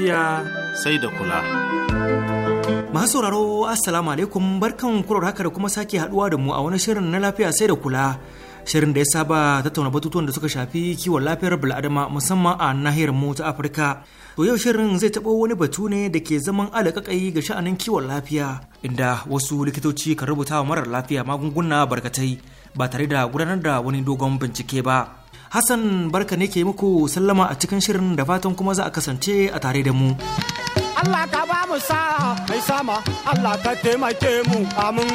lafiya sai da kula. Masu sauraro Assalamu alaikum barkan kurar haka da kuma sake haduwa da mu a wani shirin na lafiya sai da kula. Shirin da ya saba tattauna batutuwan da suka shafi kiwon lafiyar bil'adama musamman a nahiyar mu ta Afirka. To yau shirin zai taɓo wani batu ne da ke zaman alaƙaƙai ga sha'anin kiwon lafiya inda wasu likitoci kan rubuta wa marar lafiya magunguna barkatai ba tare da gudanar da wani dogon bincike ba. Hassan barka ne ke muku sallama a cikin shirin da fatan kuma za a kasance a tare da mu. Allah ka ba mu mai sama Allah ka taimake mu amin.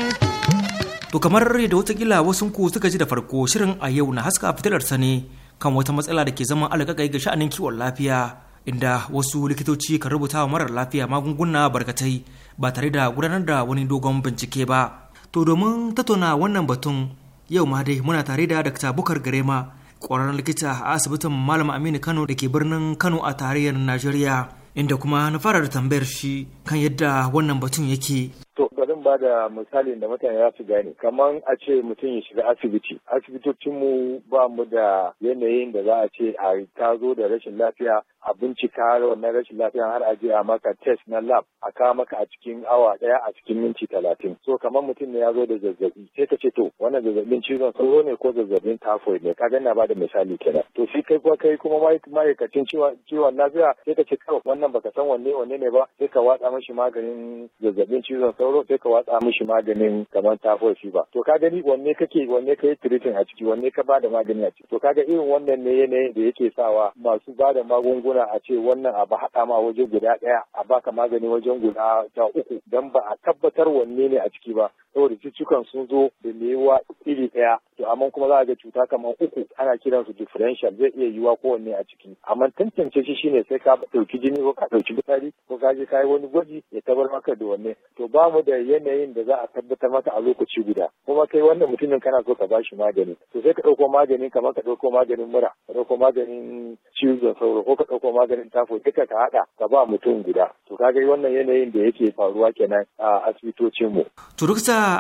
To kamar da watakila wasu ku suka ji da farko shirin a yau na haska fitilar sani kan wata matsala da ke zama alƙaƙai ga sha'anin kiwon lafiya inda wasu likitoci kan rubuta wa marar lafiya magunguna barkatai ba tare da gudanar da wani dogon bincike ba. To domin tattauna wannan batun yau ma dai muna tare da Dr. Bukar Garema ƙwararren likita a asibitin malam aminu kano da ke birnin kano a tarayyar najeriya inda kuma na fara da tambayar shi kan yadda wannan batun yake To ba da misalin da mutane za su gane kamar a ce mutum ya shiga asibiti asibitocinmu ba mu da yanayin da za a ce a ta zo da rashin lafiya a bincika wannan rashin lafiya har a je a maka test na lab a kawo maka a cikin awa daya a cikin minti talatin so kamar mutum ne ya zo da zazzabi sai ka ce to wannan zazzabin cizon sauro ne ko zazzabin typhoid ne ka ba bada misali kenan to shi kai kuma kai kuma ma'aikacin ciwon lafiya sai ka ce kawai wannan baka san wanne wanne ne ba sai ka watsa mishi maganin zazzabin cizon sauro sai ka watsa mishi maganin kamar typhoid shi ba to ka gani wanne kake wanne ka yi treating a ciki wanne ka bada magani a ciki to kaga irin wannan ne yanayin da yake sawa masu bada magunguna zauna a ce wannan ba haɗa ma waje guda ɗaya a baka magani wajen guda ta uku don ba a tabbatar wanne ne a ciki ba saboda cututtukan sun zo da mewa iri ɗaya to amma kuma za a ga cuta kamar uku ana kiran su differential zai iya yiwa kowanne a ciki amma tantance shi shine sai ka dauki jini ko ka ɗauki fitsari ko ka je ka yi wani gwaji ya tabar maka da wanne to ba mu da yanayin da za a tabbatar maka a lokaci guda kuma kai wannan mutumin kana so ka bashi magani to sai ka ɗauko magani kamar ka ɗauko maganin mura ka ɗauko maganin cizon sauro ko ka ɗauko maganin tafo duka ka haɗa ka ba mutum guda to kaga wannan yanayin da yake faruwa kenan a asibitocinmu. to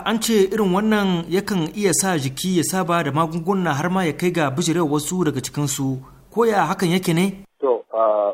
an ce irin wannan yakan iya sa jiki ya saba da magunguna har ma ya kai ga bijirewa wasu daga cikinsu ko ya hakan yake ne? To, ah,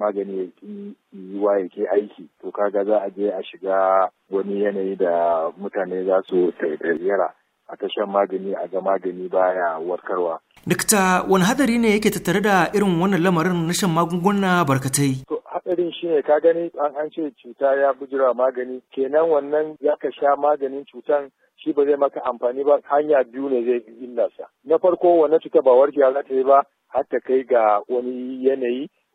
magani ya ki aiki to kaga za a je a shiga wani yanayi da mutane za su tarayyara a ta magani a ga magani baya warkarwa. Dikta wani hadari ne yake tattare da irin wannan lamarin na shan magunguna barkatai? hadarin shi ne ka gani an an ce cuta ya bujira magani kenan wannan ya ka sha maganin cutan shi ba zai maka amfani ba hanya biyu ne zai illa sa. Na farko wannan cuta ba warkewa za ta yi ba har ta kai ga wani yanayi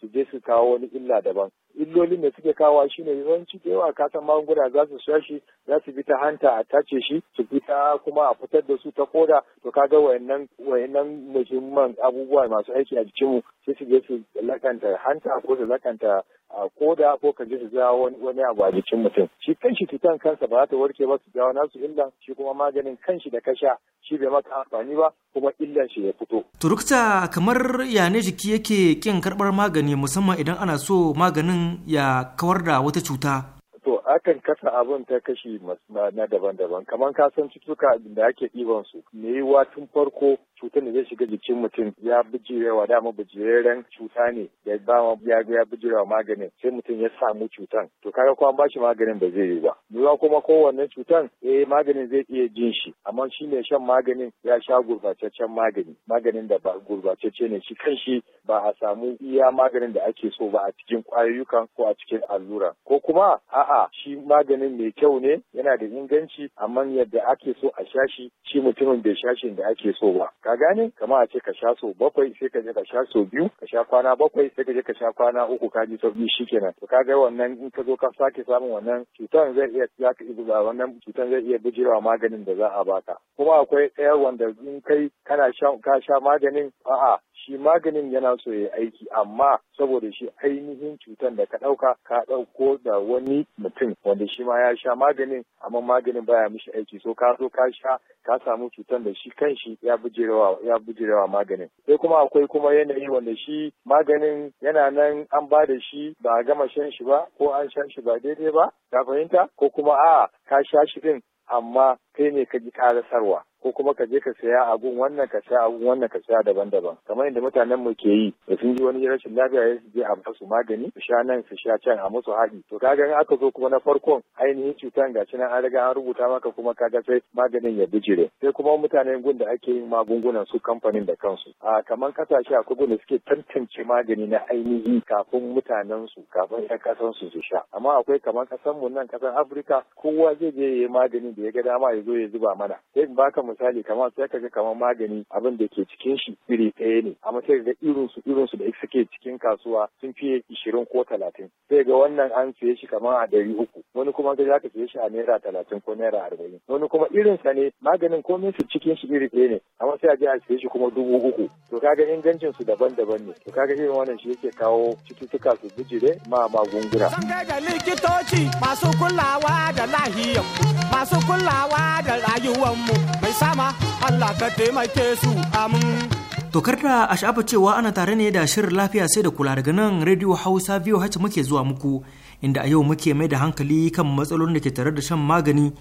su je su kawo wani illa daban illolin da suke kawo shine yawanci da yawa kasan magunguna za su sha shi za su bi ta hanta a tace shi su bi ta kuma a fitar da su ta koda to kaga wayannan wayannan muhimman abubuwa masu aiki a jikinmu sai su je su lakanta hanta ko su lakanta a da ko ka ji su jawo wani abu a jikin mutum shi kanshi cutan kansa ba za ta warke ba su jawo nasu illa shi kuma maganin kanshi da kasha shi bai maka amfani ba kuma illan shi ya fito. turukta kamar ya ne jiki yake kin karbar magani musamman idan ana so maganin ya kawar da wata cuta to akan kasa abin ta kashi na daban-daban kamar ka san cututtuka da ake ɗiban su me yiwa tun farko cutar da zai shiga jikin mutum ya bijirewa dama bijireren cuta ne ya dama ya ya bijirewa maganin sai mutum ya samu cutan to kaga kuma ba shi maganin ba zai yi ba yiwuwa kuma kowanne cutan eh maganin zai iya jin shi amma shi ne shan maganin ya sha gurbataccen magani maganin da ba gurbatacce ne shi shi ba a samu iya maganin da ake so ba a cikin kwayoyukan ko a cikin allura ko kuma a'a shi maganin mai kyau ne yana da inganci amma yadda ake so a sha shi shi mutumin bai sha shi da ake so ba ka gane kamar a ce ka sha so bakwai sai ka je ka sha so biyu ka sha kwana bakwai sai ka je ka sha kwana uku ka ji sauki shikenan to ka ga wannan in ka zo ka sake samun wannan cutar zai iya za ka iya wannan cutar zai iya bijirewa maganin da za a baka kuma akwai ɗaya wanda in kai kana sha ka sha maganin a'a shi maganin yana so ya aiki amma saboda shi ainihin cutar da ka ɗauka ka ɗauko da wani mutum wanda shi ma ya sha maganin amma maganin baya mishi aiki so ka zo ka sha ka samu cutar da shi kanshi ya bujirewa ya bujirewa maganin sai kuma akwai kuma yanayi wanda shi maganin yana nan an ba da shi ba a gama shan shi ba ko an shan shi ba daidai ba ka fahimta ko kuma a ka sha shi din amma kai ne ka ji karasarwa ko kuma ka je ka saya abun wannan ka saya abun wannan ka saya daban-daban kamar inda mutanen mu ke yi da sun ji wani rashin lafiya ya su je a musu magani su sha nan su sha can a musu haɗi to kaga in aka zo kuma na farkon ainihin cutan ga nan an riga an rubuta maka kuma kaga sai maganin ya bijire sai kuma mutanen gun da ake yin magungunan su kamfanin da kansu a kamar kasashe a kudu da suke tantance magani na ainihi kafin mutanen su kafin ƴan kasan su su sha amma akwai kamar kasan mu nan kasan Afirka kowa zai je ya yi maganin da ya ga dama ya zo ya zuba mana sai in baka misali kamar sai ka ga kamar magani abin da ke cikin shi iri ɗaya ne amma sai ga irin su irin su da suke cikin kasuwa sun fiye ishirin ko talatin sai ga wannan an siye shi kamar a ɗari uku wani kuma ga za ka siye shi a naira talatin ko naira arba'in wani kuma irin sa ne maganin komai su cikin shi iri ɗaya ne amma sai a je a siye shi kuma dubu uku to kaga ingancin su daban-daban ne to kaga irin wannan shi yake kawo cututtuka su bijire ma magunguna. Sun ga likitoci masu kulawa da lahiyar masu kulawa kula da mu mai sama Allah ka taimake su amin. Tokar da a sha'afa cewa ana tare ne da shirin lafiya sai da kula daga nan Radio Hausa biyu hace muke zuwa muku inda a yau muke mai da hankali kan matsalolin da ke tare da shan magani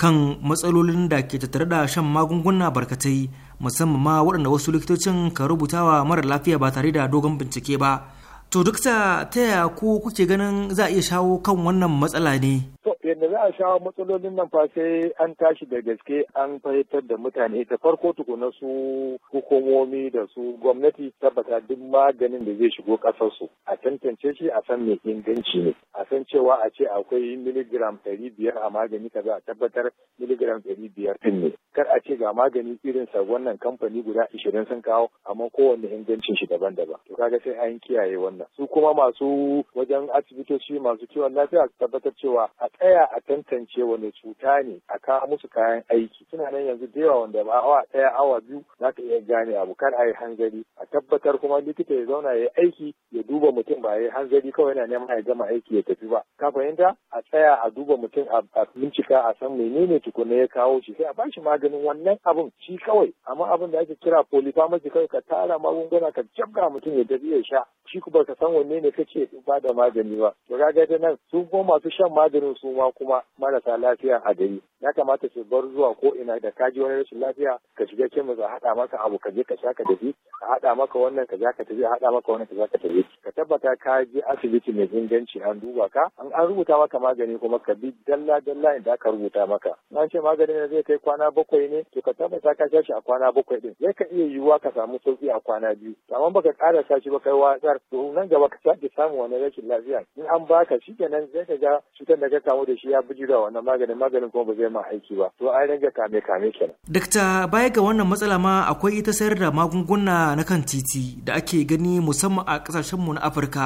kan matsalolin da ke tattare da shan magunguna barkatai musamman ma waɗanda wasu likitocin ka rubutawa mara lafiya ba tare da dogon bincike ba. To duk ta yaya ku kuke ganin za a iya shawo kan wannan matsala ne? To, yadda za a shawo matsalolin nan fa sai an tashi da gaske an fahimtar da mutane ta farko tukuna su hukumomi da su gwamnati tabbata duk maganin da zai shigo ƙasarsu a tantance shi a san mai inganci ne. A san cewa a ce akwai miligram ɗari biyar a magani za a tabbatar miligram ɗari biyar ɗin ne. Kar a ce ga magani irin sa wannan kamfani guda ishirin sun kawo amma kowanne ingancin shi daban-daban. To kaga sai an kiyaye wannan. Su kuma masu wajen asibitoci masu kiwon lafiya tabbatar cewa a tsaya a tantance wani cuta ne a kawo musu kayan aiki suna nan yanzu da yawa wanda ba awa ɗaya awa biyu za ka iya gane abu kar a yi hanzari a tabbatar kuma likita ya zauna ya yi aiki ya duba mutum ba ya yi hanzari kawai yana neman ya gama aiki ya tafi ba ka fahimta a tsaya a duba mutum a bincika a san menene tukuna ya kawo shi sai a bashi maganin wannan abun shi kawai amma abin da ake kira polypharmacy kawai ka tara magunguna ka jabga mutum ya tafi ya sha shi ku ba ka san wanne ne kace ba da magani ba to kaga nan su ko masu shan maganin su ma kuma marasa lafiya a gari ya kamata su bar zuwa ko ina da ka ji wani rashin lafiya ka shiga za a haɗa maka abu ka je ka sha ka tafi a haɗa maka wannan ka za ka tafi a haɗa maka wannan ka za ka tafi ka tabbata ka je asibiti mai inganci an duba ka an an rubuta maka magani kuma ka bi dalla dalla inda aka rubuta maka an ce maganin da zai kai kwana bakwai ne to ka tabbata ka sha a kwana bakwai din zai ka iya yiwuwa ka samu sauki a kwana biyu amma baka ƙara sa shi ba kai watsar to nan gaba ka sake samu wani rashin lafiya in an baka kenan zai ka ga cutar da ka samu da shi ya jira wannan maganin maganin kuma ba zai ma aiki ba to ai ranga kame kame kenan. dakta baya ga wannan matsala ma akwai ita sayar da magunguna na kan titi da ake gani musamman a kasashen mu na afirka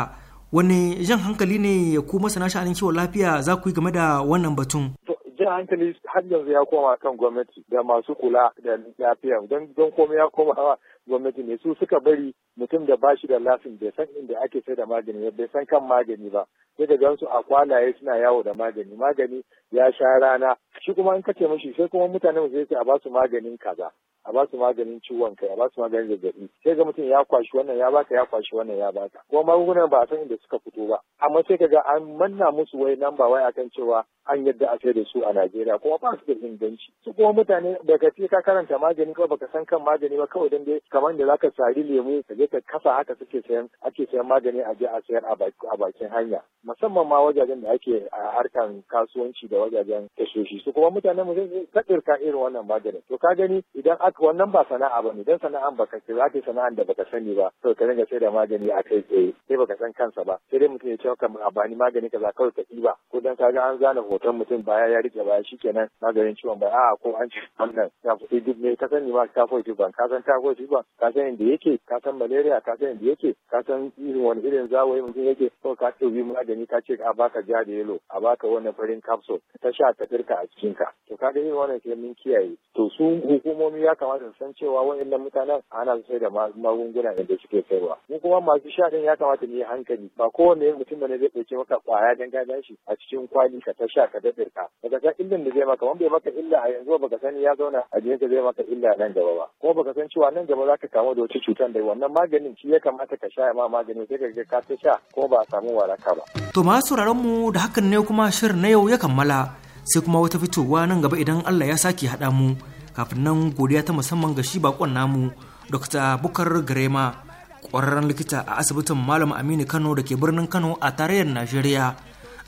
wani jan hankali ne ku masana sha'anin kiwon lafiya za ku yi game da wannan batun. jan hankali har yanzu ya koma kan gwamnati da masu kula da lafiya don komai ya koma gwamnati ne su suka bari mutum da ba shi da lafin bai san inda ake sai da magani bai san kan magani ba sai da gansu a kwalaye suna yawo da magani magani ya sha rana shi kuma in ce mashi sai kuma mutane mu sai a ba su maganin kaza a ba su maganin ciwon kai a ba su maganin zazzabi sai ga mutum ya kwashi wannan ya baka ya kwashi wannan ya baka kuma magungunan ba a san inda suka fito ba amma sai ga an manna musu wai nan ba wai akan cewa an yadda a da su a Najeriya kuma ba su da inganci su kuma mutane daga ce ka karanta magani kawai baka san kan magani ba kawai dan dai kamar da zaka sari lemu ka je ka kasa haka suke sayan ake sayan magani a je a sayar a bakin hanya musamman ma wajajen da ake a harkan kasuwanci da wajajen tashoshi su kuma mutanen mu sai kadirka irin wannan maganin to ka gani idan aka wannan ba sana'a ne idan sana'a baka ka sai ka sana'a da baka sani ba to ka dinga sai da magani a kai tsaye sai baka san kansa ba sai dai mutum ya ce maka a bani magani kaza kawai ka ɗiba ko dan ka ga an zana hoton mutum baya ya rike baya shikenan maganin ciwon baya a ko an ci wannan ya fi duk ne ka sani ma ka fi ban ka san ta ban ka san yadda yake ka san malaria ka san yadda yake ka san irin wani irin zawayi mutum yake ko ka ɗauki magani ka ce a baka ja da yalo? a baka wani farin capsule ta sha ta firka a cikin ka to ka gani wannan sai mun kiyaye to su hukumomi ya kamata su san cewa waɗannan mutanen ana sai da magunguna da suke kaiwa mu kuma masu sha din ya kamata mu yi hankali ba kowane mutum ne zai ɗauke maka kwaya dan gadan shi a cikin kwali ka ta sha ka da firka daga san illan da zai maka wanda ya maka illa a yanzu baka sani ya zauna a jikin zai maka illa nan gaba ba ko baka san cewa nan gaba za ka kamu da wata cutar da wannan maganin shi ya kamata ka sha ma maganin sai ka ga ka ta sha ko ba a samu waraka ba. To masu sauraron mu da hakan ne kuma shirin na yau ya kammala sai kuma wata fitowa nan gaba idan Allah ya sake haɗa mu kafin nan godiya ta musamman ga shi bakon namu Dr. Bukar Garema ƙwararren likita a asibitin Malam Aminu Kano da ke birnin Kano a tarayyar Najeriya.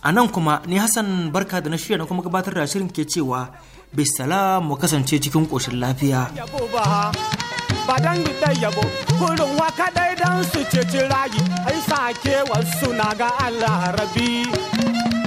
A nan kuma ni Hassan barka da na shirya na kuma gabatar da shirin ke cewa bisala mu kasance cikin ƙoshin lafiya. ba dan da yabo kurin wa dai dan su ceci rayi ai sake wasu na ga Allah rabi